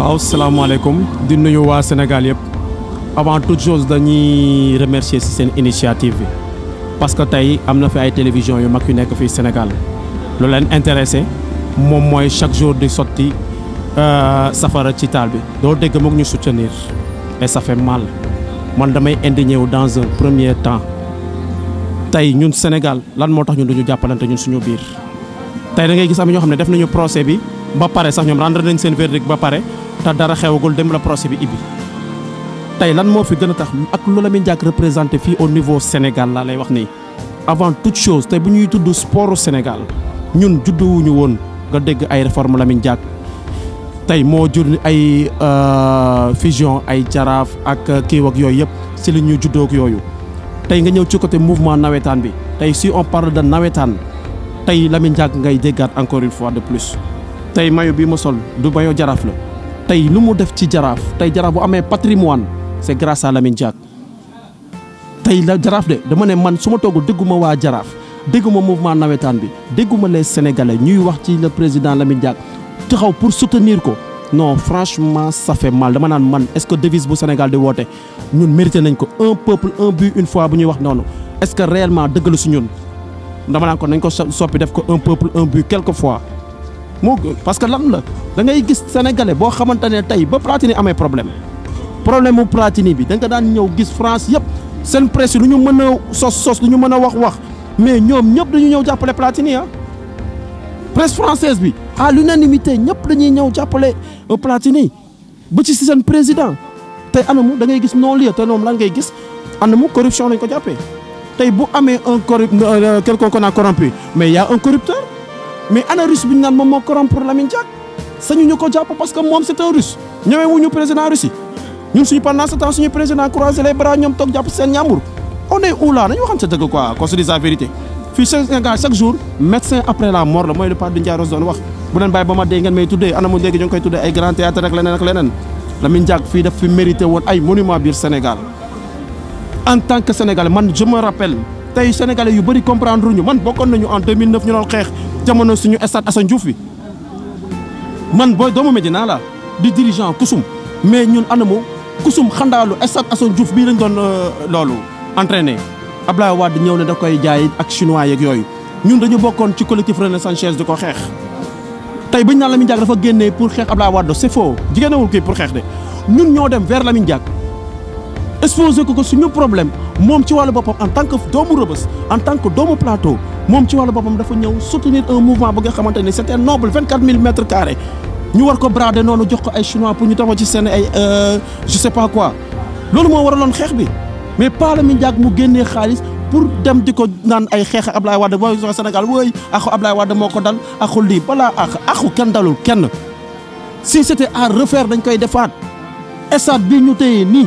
waaw salaamaaleykum di nuyu waa Sénégal yëpp avant toute chose dañuy remercier si seen initiative parce que tey am na ay télévision yu mag yu nekk fii Sénégal lu intéressé moom mooy chaque jour di sotti euh, safara ci taal bi. doo dégg moom ñu soutenir mais ça fait mal man damay indigné wu dans un premier temps tey ñun Sénégal lan moo tax ñun duñu jàppalante ñun suñu biir tey da ngay gis am ñoo xam ne def nañu procès bi. ba pare sax ñoom rendre nañ seen verdict ba pare te dara xewagul dem la bi ibi tay lan moo fi gën a tax ak au niveau Sénégal lay wax avant toute chose nous bu ñuy sport au Sénégal ñun judduwuñu woon nga dégg ay réforme de Diack tey moo jur ay euh, fusion ay jaraaf ak kii yooyu yëpp si li juddoog yooyu tey nga mouvement nawetaan bi si on parle de nawetaan encore une fois de plus tey mayo bi ma sol du tay lu mu def ci jaraaf tay jaraaf bu amé patrimoine c'est grâce à Lamine Diack tay la Jaraf de dama né man suma ma toogul dégguma waa jaraaf dégguma mouvement nawetaan bi dégguma les sénégalais ñuy wax ci le président Lamine Diack taxaw pour soutenir ko non franchement ça fait mal dama à man est-ce que devise bu Sénégal de woté ñun mérité nañ ko un peuple un but une fois bu ñuy wax non. est-ce que réellement dëgg su ñun dama naan ko nañ ko soppi def ko un peuple un but quelques fois moo parce que lan la da ngay gis sénégalais boo xamante ne tey ba Platini amee problème problème mu Platini bi da nga daan ñëw gis France yëpp seen presse lu ñu mën a sos sos lu ñu mën a wax wax mais ñoom ñëpp dañuy ñëw jàppale Platini ah. presse française bi à l'unanimité ñëpp dañuy ñëw jàppale euh, Platini ba ci seen président tey anamu da ngay gis non lieu te moom lan ngay gis anamu corruption lañ ko jàppee tey bu amee un corrupt euh, quelqu'un qu'on a corrompu mais y mais en russe bi la Lamine en sañu ñu ko parce que mom c'est un russe wuñu président Russie ñun suñu pendant ce temps suñu président croiser les bras ñom tok japp sen on est où là quoi se la vérité fi Sénégal chaque jour médecin après la mort le moy le Nous du Ndiaye Rose wax bu len bàyyi ba ma ngeen may tuddé ana dégg ñu ay grand théâtre ak Lamine Diak fi fi mérité monument Sénégal en tant que Sénégalais je me rappelle tay sénégalais yu bari comprendre ñu man bokon nañu en 2009 ñu doon xex jamono suñu stade Assane Diouf bi man booy doomu Medina la di dirigeant kusum mais ñun anamu kusum xandaalu stade Assane Diouf bi lañ doon euh, loolu entraîner Ablaye wad ñew ne da koy jaay ak chinois yak yoy ñun dañu bokon ci collectif Renaissance di ko xeex tey bañ naan Lamine Diack dafa génné pour xex Ablaye Wade c'est faux jigéenewul kii pour xex de ñun ñoo dem vers Lamine Diack exposé ko ko suñu problème mom ci walu bopam en tant que doomu rebeus en tant que doomu plateau mom ci walu bopam dafa ñew soutenir un mouvement bu nga xamante ni c'était noble 24000 quatre mille mètres carrés ñu war ko brader nonu jox ko ay chinois pour ñu taxaw ci sen ay euh je sais pas quoi lolu mo waralon xex bi mais Parlement Diack mu génné xaalis pour dem diko ko ay xex ak Ablaye Wade mooy Sénégal wooy axu Ablaye Wade moko dal axu li balaa ax axu kenn dalul kenn si c'était à refaire dañ koy défat stade bi ñu téye ni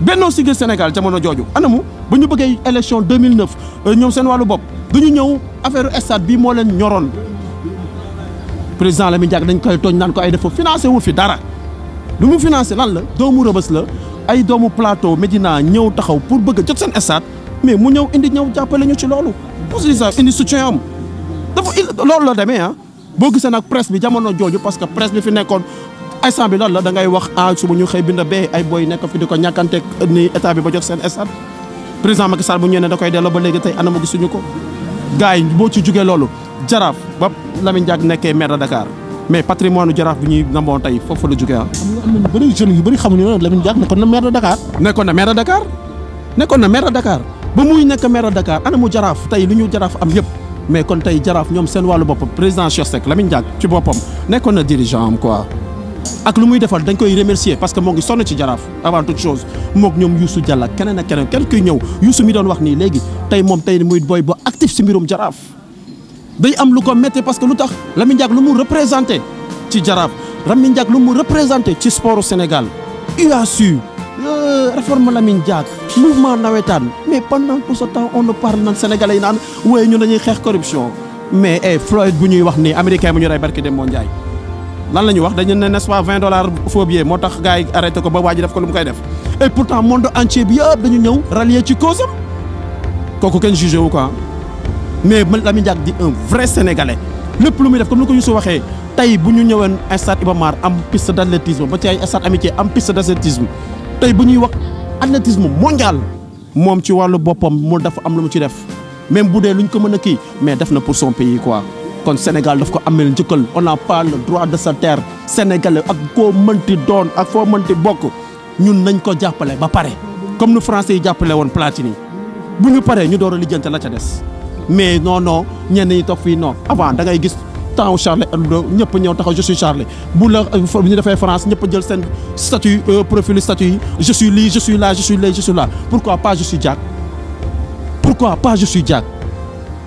Benno sigue Sénégal jamono jojo. anamu buñu bëggé élection 2009 euh, ñom seen walu bop duñu ñëw affaire stade bi mo leen Le président Lamine diak dañ koy togn nan ko ay dafa financé wu fi dara lu mu financé lan la doomu rebeus la ay doomu plateau ñëw taxaw pour bëgg a jot seen mais mu ñëw indi ñëw jappalé ñu ci président indi soutien am dafa lolu la ah bo presse bi jamono parce que presse instant bi lan la da ngay wax a suba ñu xëy binda bee ay boy nekk fi di ko ñàkkanteeg ni état bi ba jox seen stade président Macky bu ñëwee ne da koy delloo ba léegi tey anama gisuñu ko gars yi boo ci jugee loolu jaraaf ba Lamine Diack nekkee maire de Dakar mais patrimoine jaraaf bi ñuy namboon tey foofu la jugee ah. am na bëri jeunes yu bëri xamuñu ne Lamine Diack nekkoon na maire de nekkoon na maire de na maire de Dakar ba muy nekk maire de Dakar ana mu jaraaf tey li ñu jaraaf am yëpp mais kon tey jaraaf ñoom seen wàllu bopp président Cheikh Seck Lamine Diack ci boppam nekkoon na dirigeant am quoi. ak lu muy defal dañ koy remercier parce que mo ngi sonn ci jaraaf avant toute chose moog ñom Youssou Diallo keneen ak keneen kenn kuy ñëw Youssou mi doon wax ni léegi tay mom tay muy boy bo actif ci mbirum jaraaf. day am lu ko metté parce que lutax Lamine diak lu mu représenter ci jaraaf Lamine diak lu mu représenter ci au Sénégal UASU euh, réforme Lamine diak mouvement nawetaan mais pendant tout ce temps on ne parle nan sénégalais nan naan ñu dañuy xex corruption mais eh, Floyd bu ñuy wax ni américain bu ñu ray barké dem moo lan lañu wax dañu ne n'est-ce pas 20 dollars faux billet moo tax gars arrêté ko ba waji ji def ko lu mu koy def et pourtant monde entier bi yëpp dañu ñëw rallier ci cause am kooku kenn jugé wu quoi ah. mais Lamine diak di un vrai sénégalais lepp lu muy def comme ni ko Youssou waxé tay bu ñu ñëween stade Iba am piste d'athlétisme ba ci ay stade amitié am piste d'athlétisme tay bu ñuy wax athlétisme mondial mom ci walu bopam mo dafa am lu mu ci def même boudé luñ ko mëna ki mais def na pour son pays quoi kon Sénégal daf ko amel njëkkal on n'a pas le droit de sa terre sénégalais ak koo mënti doon ak fo mënti bokk ñun nañ ko jappalé ba paré comme nous français yi jàppale woon Platini bu ñu paré ñu door a lijjante la ca dess mais non non ñenn ñi toog fii non avant da ngay gis temps charlé Hebdo ñëpp ñëw taxaw je suis charlé bu la euh, bu ñu defee France ñëpp jël sen statut euh, profil statut je suis li je suis là je suis là je suis là pourquoi pas je suis Jack. pourquoi pas je suis Jack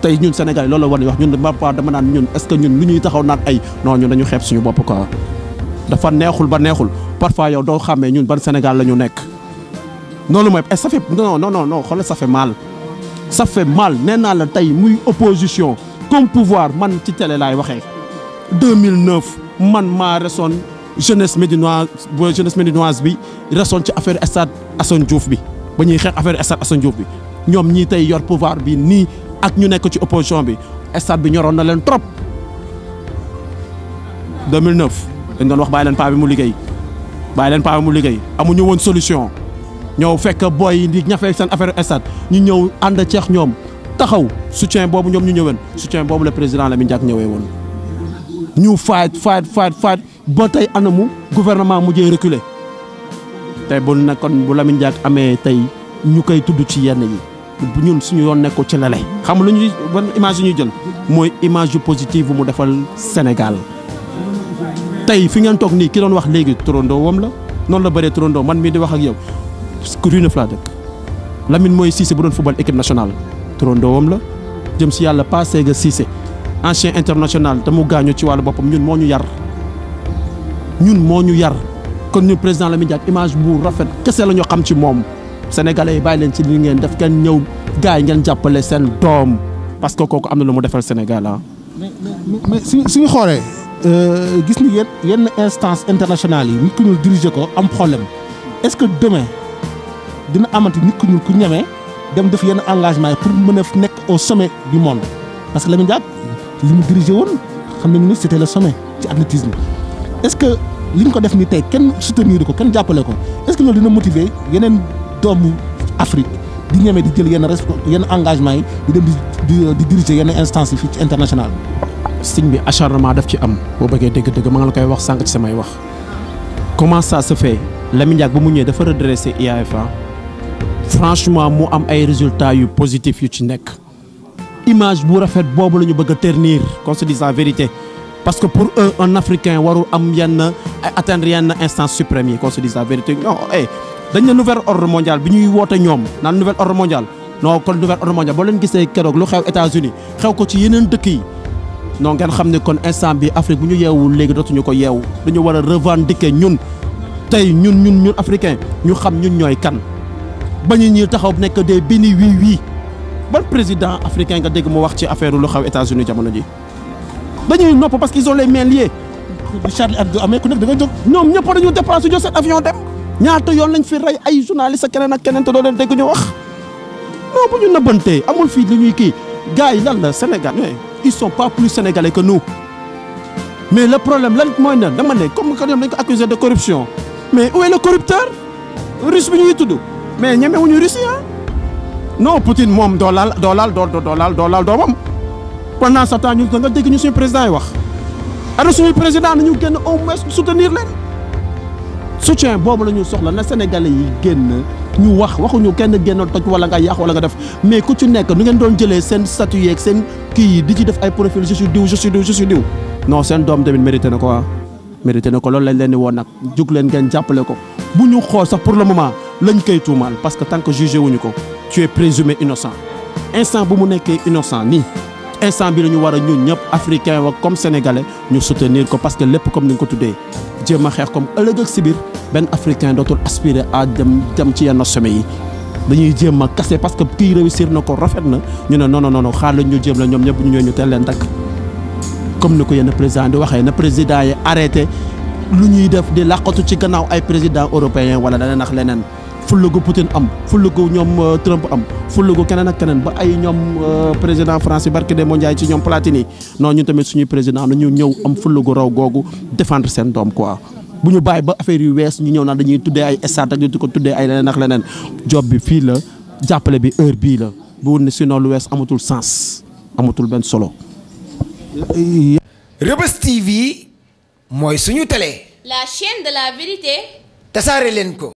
tay ñun Sénégal loolu war a wax ñun parfois dama naan ñun est-ce que ñun lu ñuy taxaw naan ay non ñun dañu xeeb suñu bopp quoi. dafa neexul ba neexul parfois yow doo xàmmee ñun ban Sénégal la ñu nekk loolu mooy ça fait non non non non xoolal ça fait mal. ça fait mal nee naa la tey muy opposition comme pouvoir man ci télé laay waxee 2009 man maa resoon jeunesse médinoise jeunesse médinoise bi resoon ci affaire stade Assane Diouf bi ba ñuy xeex affaire stade Assane Diouf bi ñoom ñii tey yor pouvoir bi nii ak ñu nekk ci opposition bi stade bi ñoroon na trop 2009 dañ doon wax bàyyi leen paa bi mu liggéey bàyyi leen paa bi mu liggéey amuñu solution ñëw fekk fait yi ñafe seen affaire stade ñu ñëw ànd ceex ñoom taxaw soutien boobu ñoom ñu soutien président Lamine fait ñëwee ñu fight, fight, fight. gouvernement a reculer tey bu Lamine Diak amee tey ñu ci yenn yi ñun suñu yoon nekko ci lale xam lu ñuy ban image yu ñuy jël mooy image yu positive bu mu defal Sénégal tey fi ngeen toog nii ki doon wax léegi turandoo wam la noonu la bëree turandoo man mii di wax ak yow rue neuf laa dëkk Lamine mooy Cissé bu doon football équipe nationale turandoo wam la jëm si yàlla passé ga Cissé ancien international te mu gaañu ci wàllu boppam ñun moo ñu yar ñun moo ñu yar kon ñun président Lamine Diack image bu rafet kese la ñu xam ci moom sénégalais yi bàyyi leen ci li ngeen def ngeen ñëw gars yi ngeen jàppale seen doom parce que kooku am na lu mu defal Sénégal ah. mais mais suñu xoolee euh, gis ni yenn yenn instance internationale yi nit ku ñuul diriger ko am problème est-ce que demain dina amati nit ku ñuul ku ñeme dem def yenn engagement pour mën a nekk au sommet du monde parce que Lamine Diack li mu diriger woon xam nañu ni c'était le sommet ci athlétisme est-ce que li ñu ko def ni tey kenn soutenir ko kenn jàppale ko est-ce que loolu dina motiver yeneen doomu Afrique di ñeme di jël yenn yenn engagement yi di dem di di diriger yenn instance fi ci international signe bi acharnement daf ci am bo bëggé dëgg-dëgg ma nga koy wax sank ci samay wax comment ça se fait Lamine Diack bu mu ñëw dafa redresser IAFA franchement mu am ay résultats yu positif yu ci nekk image bu rafet bobu lañu bëgg ternir qu'on se dise la vérité parce que pour eux un africain warul am yenn atteindre yenn instance suprême qu'on se dise la vérité non eh dañ nouvelle ordre mondial bi ñuy woote ñom nan nouvelle ordre mondial non kon nouvelle ordre mondial bo leen gisé kérok lu xew États-Unis xew ko ci yeneen dëkk yi non ngeen xam kon instant bi Afrique bu ñu yeewul léegi dootuñu ko yewu dañu wara revendiquer ñun tay ñun ñun ñun africain ñu xam ñun ñoy kan bañu ñi taxaw nek des bini wi wi bon président africain nga dégg mo wax ci affaire lu xew États-Unis jamono ji dañuy nopp parce qu'ils ont les mains liées Charlie Hebdo amé ku nek da nga jog ñom ñepp dañu déplacé jël cet avion dem ñaata yoon lañ fi ray ay journaliste ak keneen ak keneen te doo leen dégg ñu wax non bu ñu nëbbantee amul fii li ñuy kii gars yi lan la Sénégal ils sont pas plus sénégalais que nous mais le problème lan mooy ne dama ne comme que ñoom dañ ko accusé de corruption mais où est le corrupteur russe bi ñuy tudd mais ñemewuñu russe ah hein? non Poutine moom doo laal doo laal doo doo laal doo laal doomam pendant ce temps ñu da nga dégg ñu suñu président yi wax ana suñu président nañu génn au moins soutenir leen soutien bobu lañu soxla na sénégalais yi génn ñu wax waxuñu kenn gennal toj wala nga yaax wala nga def mais ku ci nekk nu ngeen doon jëlee seen statut yeeg seen kii yi di ci def ay profil je suis diw je suis diw je suis diw non seen doom tamit mérité na ko ah. mérité na ko loolu lañ leen di woon nag jug leen ngeen jàppale ko bu ñu xool sax pour le moment lañ koy tuumaal parce que tant que jugé wuñu ko tu es présumé innocent instant bu mu nekkee innocent nii instant bi la ñu war a ñun ñëpp africain wa comme sénégalais ñu soutenir ko parce que lépp comme ni ko tuddee jéem a xeex comme ëllëg ak si biir benn africain dootul aspirer à dem dem ci yenn sommet yi dañuy jéem a kase parce que kii réussir na ko rafet na ñu ne non non non lañ ñu jéem la ñoom ñëpp ñu ñu teel leen dakk comme ni ko yenn président di waxee na président yi arrêté lu ñuy def di làqatu ci gannaaw ay président européen wala dana nax leneen fulla gu Poutine am fulla gu ñoom euh, Trump am fulla gu keneen ak keneen ba ay ñoom euh, président français barke de mondiaay ci ñoom Platini non ñu tamit suñu président nañu ñëw am fulla gu raw googu défendre seen doom quoi bu ñu bàyyi ba affaire yu wees ñu ñëw naan dañuy tuddee ay stade ak di ko tuddee ay leneen ak leneen job bi fii la jàppale bi heure bii la bu woon ne sinon lu wees amatul sens amatul benn solo. Reubeuss TV mooy suñu télé. la chaîne de la vérité.